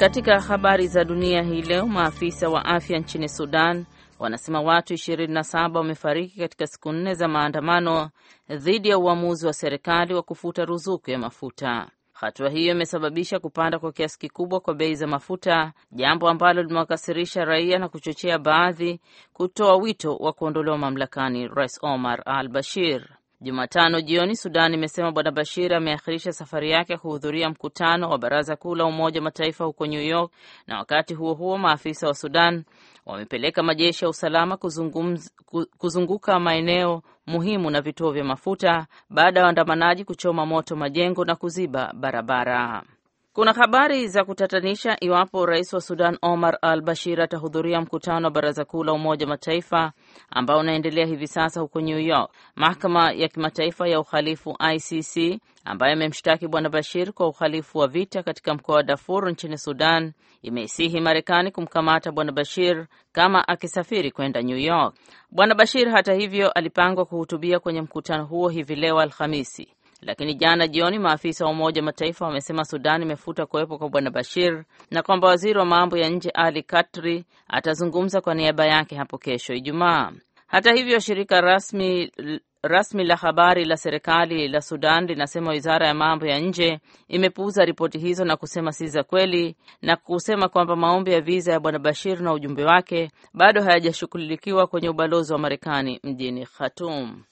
Katika habari za dunia hii leo, maafisa wa afya nchini Sudan wanasema watu 27 wamefariki katika siku nne za maandamano dhidi ya uamuzi wa serikali wa kufuta ruzuku ya mafuta. Hatua hiyo imesababisha kupanda kwa kiasi kikubwa kwa bei za mafuta, jambo ambalo limewakasirisha raia na kuchochea baadhi kutoa wito wa kuondolewa mamlakani Rais Omar al Bashir. Jumatano jioni Sudan imesema Bwana Bashir ameakhirisha safari yake ya kuhudhuria mkutano wa Baraza Kuu la Umoja wa Mataifa huko New York, na wakati huo huo maafisa wa Sudan wamepeleka majeshi ya usalama kuzunguka maeneo muhimu na vituo vya mafuta baada ya waandamanaji kuchoma moto majengo na kuziba barabara. Kuna habari za kutatanisha iwapo rais wa Sudan Omar al Bashir atahudhuria mkutano wa baraza kuu la Umoja Mataifa ambao unaendelea hivi sasa huko New York. Mahakama ya kimataifa ya uhalifu ICC ambayo imemshtaki bwana Bashir kwa uhalifu wa vita katika mkoa wa Darfur nchini Sudan imeisihi Marekani kumkamata bwana Bashir kama akisafiri kwenda New York. Bwana Bashir hata hivyo alipangwa kuhutubia kwenye mkutano huo hivi leo Alhamisi. Lakini jana jioni maafisa wa Umoja Mataifa wamesema Sudan imefuta kuwepo kwa Bwana Bashir na kwamba waziri wa mambo ya nje Ali Katri atazungumza kwa niaba yake hapo kesho Ijumaa. Hata hivyo, shirika rasmi rasmi la habari la serikali la Sudan linasema wizara ya mambo ya nje imepuuza ripoti hizo na kusema si za kweli na kusema kwamba maombi ya viza ya bwana Bashir na ujumbe wake bado hayajashughulikiwa kwenye ubalozi wa Marekani mjini Khartoum.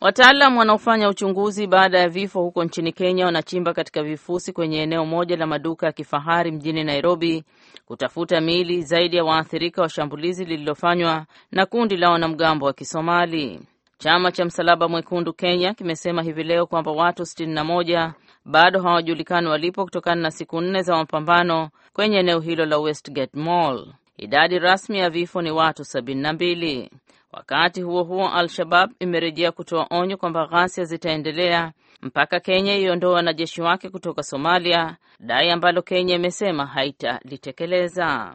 Wataalam wanaofanya uchunguzi baada ya vifo huko nchini Kenya wanachimba katika vifusi kwenye eneo moja la maduka ya kifahari mjini Nairobi kutafuta miili zaidi ya waathirika wa shambulizi lililofanywa na kundi la wanamgambo wa Kisomali. Chama cha Msalaba Mwekundu Kenya kimesema hivi leo kwamba watu 61 bado hawajulikani walipo kutokana na siku nne za mapambano kwenye eneo hilo la Westgate Mall. Idadi rasmi ya vifo ni watu 72. Wakati huo huo, Al-Shabab imerejea kutoa onyo kwamba ghasia zitaendelea mpaka Kenya iondoe wanajeshi wake kutoka Somalia, dai ambalo Kenya imesema haitalitekeleza.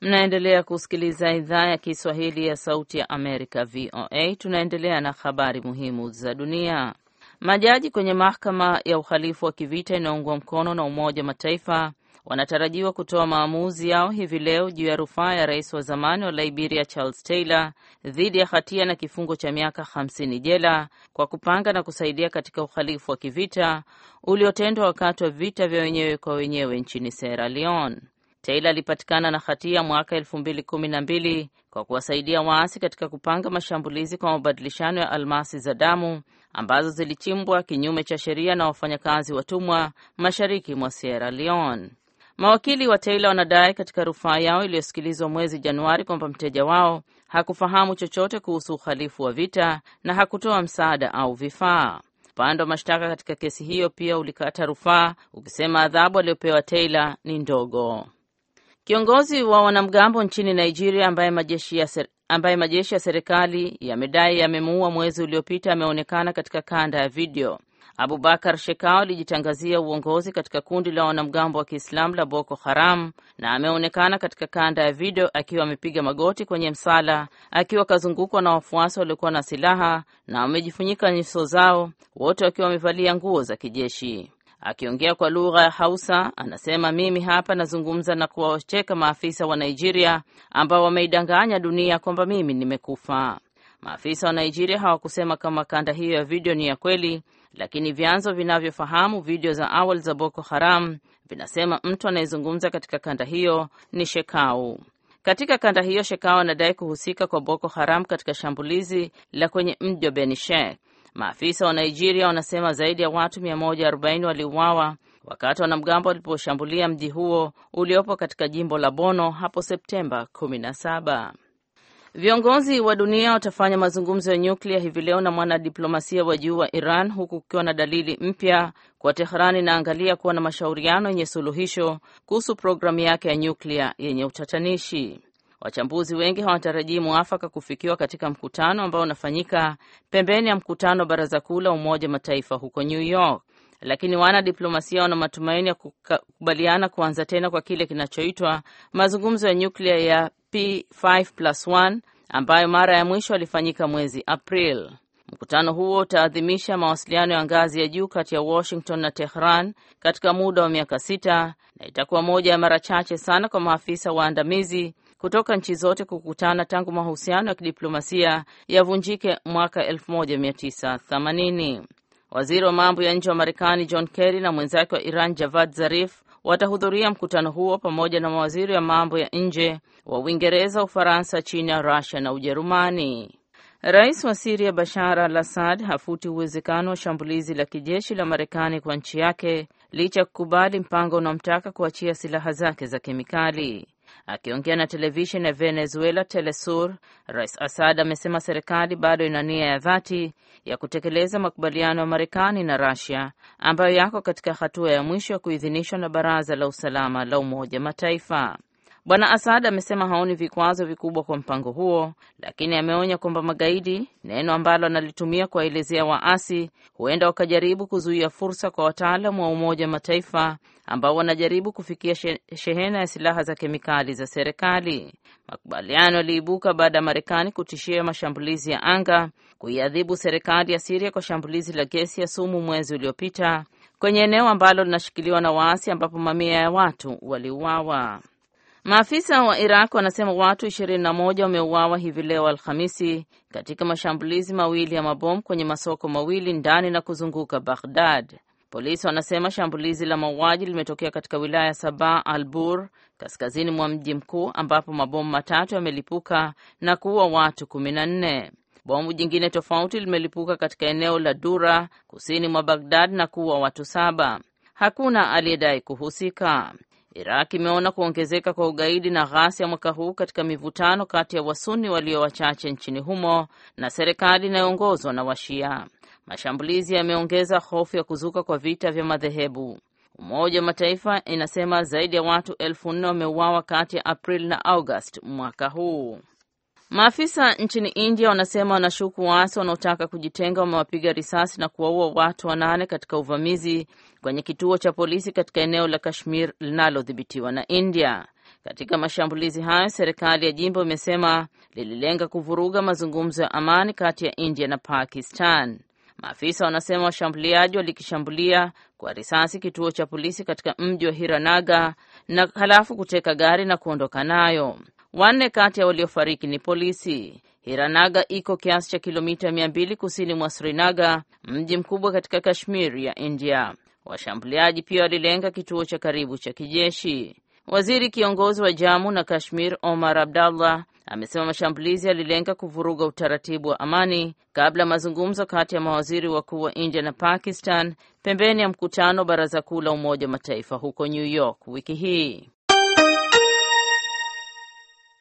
Mnaendelea kusikiliza idhaa ya Kiswahili ya Sauti ya Amerika, VOA. Tunaendelea na habari muhimu za dunia. Majaji kwenye mahakama ya uhalifu wa kivita inayoungwa mkono na Umoja wa Mataifa wanatarajiwa kutoa maamuzi yao hivi leo juu ya rufaa ya rais wa zamani wa Liberia Charles Taylor dhidi ya hatia na kifungo cha miaka 50 jela kwa kupanga na kusaidia katika uhalifu wa kivita uliotendwa wakati wa vita vya wenyewe kwa wenyewe nchini Sierra Leone. Taylor alipatikana na hatia mwaka 2012 kwa kuwasaidia waasi katika kupanga mashambulizi kwa mabadilishano ya almasi za damu ambazo zilichimbwa kinyume cha sheria na wafanyakazi watumwa mashariki mwa Sierra Leone. Mawakili wa Taylor wanadai katika rufaa yao iliyosikilizwa mwezi Januari kwamba mteja wao hakufahamu chochote kuhusu uhalifu wa vita na hakutoa msaada au vifaa. Upande wa mashtaka katika kesi hiyo pia ulikata rufaa ukisema adhabu aliyopewa Taylor ni ndogo. Kiongozi wa wanamgambo nchini Nigeria ambaye majeshi ya ser ambaye majeshi ya serikali yamedai yamemuua mwezi uliopita ameonekana katika kanda ya video Abubakar Shekau alijitangazia uongozi katika kundi la wanamgambo wa Kiislamu la Boko Haram na ameonekana katika kanda ya video akiwa amepiga magoti kwenye msala akiwa akazungukwa na wafuasi waliokuwa na silaha na wamejifunyika nyuso zao, wote wakiwa wamevalia nguo za kijeshi. Akiongea kwa lugha ya Hausa anasema, mimi hapa nazungumza na kuwacheka maafisa wa Nigeria ambao wameidanganya dunia kwamba mimi nimekufa. Maafisa wa Nigeria hawakusema kama kanda hiyo ya video ni ya kweli, lakini vyanzo vinavyofahamu video za awali za Boko Haram vinasema mtu anayezungumza katika kanda hiyo ni Shekau. Katika kanda hiyo, Shekau anadai kuhusika kwa Boko Haram katika shambulizi la kwenye mji wa Benishek. Maafisa wa Nigeria wanasema zaidi ya watu 140 waliuawa wakati wanamgambo waliposhambulia mji huo uliopo katika jimbo la Bono hapo Septemba 17. Viongozi wa dunia watafanya mazungumzo ya nyuklia hivi leo na mwanadiplomasia wa juu wa Iran huku kukiwa na dalili mpya kwa Tehran inaangalia kuwa na mashauriano yenye suluhisho kuhusu programu yake ya nyuklia yenye utatanishi. Wachambuzi wengi hawatarajii mwafaka kufikiwa katika mkutano ambao unafanyika pembeni ya mkutano wa Baraza Kuu la Umoja Mataifa huko New York, lakini wanadiplomasia wana matumaini ya kukubaliana kuanza tena kwa kile kinachoitwa mazungumzo ya nyuklia ya cp 1 ambayo mara ya mwisho alifanyika mwezi April. Mkutano huo utaadhimisha mawasiliano ya ngazi ya juu kati ya Washington na Tehran katika muda wa miaka sita na itakuwa moja ya mara chache sana kwa maafisa waandamizi kutoka nchi zote kukutana tangu mahusiano ya kidiplomasia yavunjike mwaka 1980. Waziri wa mambo ya nje wa Marekani John Kerry na mwenzake wa Iran Javad Zarif watahudhuria mkutano huo pamoja na mawaziri wa mambo ya nje wa Uingereza, Ufaransa, China, Rusia na Ujerumani. Rais wa Siria Bashar al Assad hafuti uwezekano wa shambulizi la kijeshi la Marekani kwa nchi yake licha ya kukubali mpango unaomtaka kuachia silaha zake za kemikali. Akiongea na televisheni ya Venezuela Telesur, Rais Assad amesema serikali bado ina nia ya dhati ya kutekeleza makubaliano ya Marekani na rasia ambayo yako katika hatua ya mwisho ya kuidhinishwa na Baraza la Usalama la Umoja Mataifa. Bwana Asad amesema haoni vikwazo vikubwa kwa mpango huo, lakini ameonya kwamba magaidi, neno ambalo analitumia kuwaelezea waasi, huenda wakajaribu kuzuia fursa kwa wataalam wa Umoja Mataifa ambao wanajaribu kufikia shehena ya silaha za kemikali za serikali. Makubaliano yaliibuka baada ya Marekani kutishia mashambulizi ya anga kuiadhibu serikali ya Siria kwa shambulizi la gesi ya sumu mwezi uliopita kwenye eneo ambalo linashikiliwa na waasi ambapo mamia ya watu waliuawa. Maafisa wa Iraq wanasema watu 21 wameuawa hivi leo Alhamisi katika mashambulizi mawili ya mabomu kwenye masoko mawili ndani na kuzunguka Baghdad. Polisi wanasema shambulizi la mauaji limetokea katika wilaya ya sabah al-Bur kaskazini mwa mji mkuu ambapo mabomu matatu yamelipuka na kuua watu 14. Bomu jingine tofauti limelipuka katika eneo la Dura kusini mwa Baghdad na kuua watu saba. Hakuna aliyedai kuhusika. Iraq imeona kuongezeka kwa ugaidi na ghasia mwaka huu katika mivutano kati ya wasuni walio wachache nchini humo na serikali inayoongozwa na Washia. Mashambulizi yameongeza hofu ya kuzuka kwa vita vya madhehebu. Umoja wa Mataifa inasema zaidi ya watu elfu nne wameuawa kati ya april na August mwaka huu. Maafisa nchini India wanasema wanashuku waasi wanaotaka kujitenga wamewapiga risasi na kuwaua watu wanane katika uvamizi kwenye kituo cha polisi katika eneo la Kashmir linalodhibitiwa na India. Katika mashambulizi hayo, serikali ya jimbo imesema lililenga kuvuruga mazungumzo ya amani kati ya India na Pakistan. Maafisa wanasema washambuliaji walikishambulia kwa risasi kituo cha polisi katika mji wa Hiranaga na halafu kuteka gari na kuondoka nayo. Wanne kati ya waliofariki ni polisi. Hiranaga iko kiasi cha kilomita 200 kusini mwa Srinaga, mji mkubwa katika Kashmir ya India. Washambuliaji pia walilenga kituo cha karibu cha kijeshi. Waziri kiongozi wa Jamu na Kashmir Omar Abdallah amesema mashambulizi yalilenga kuvuruga utaratibu wa amani kabla mazungumzo kati ya mawaziri wakuu wa India na Pakistan pembeni ya mkutano baraza kuu la Umoja wa Mataifa huko New York wiki hii.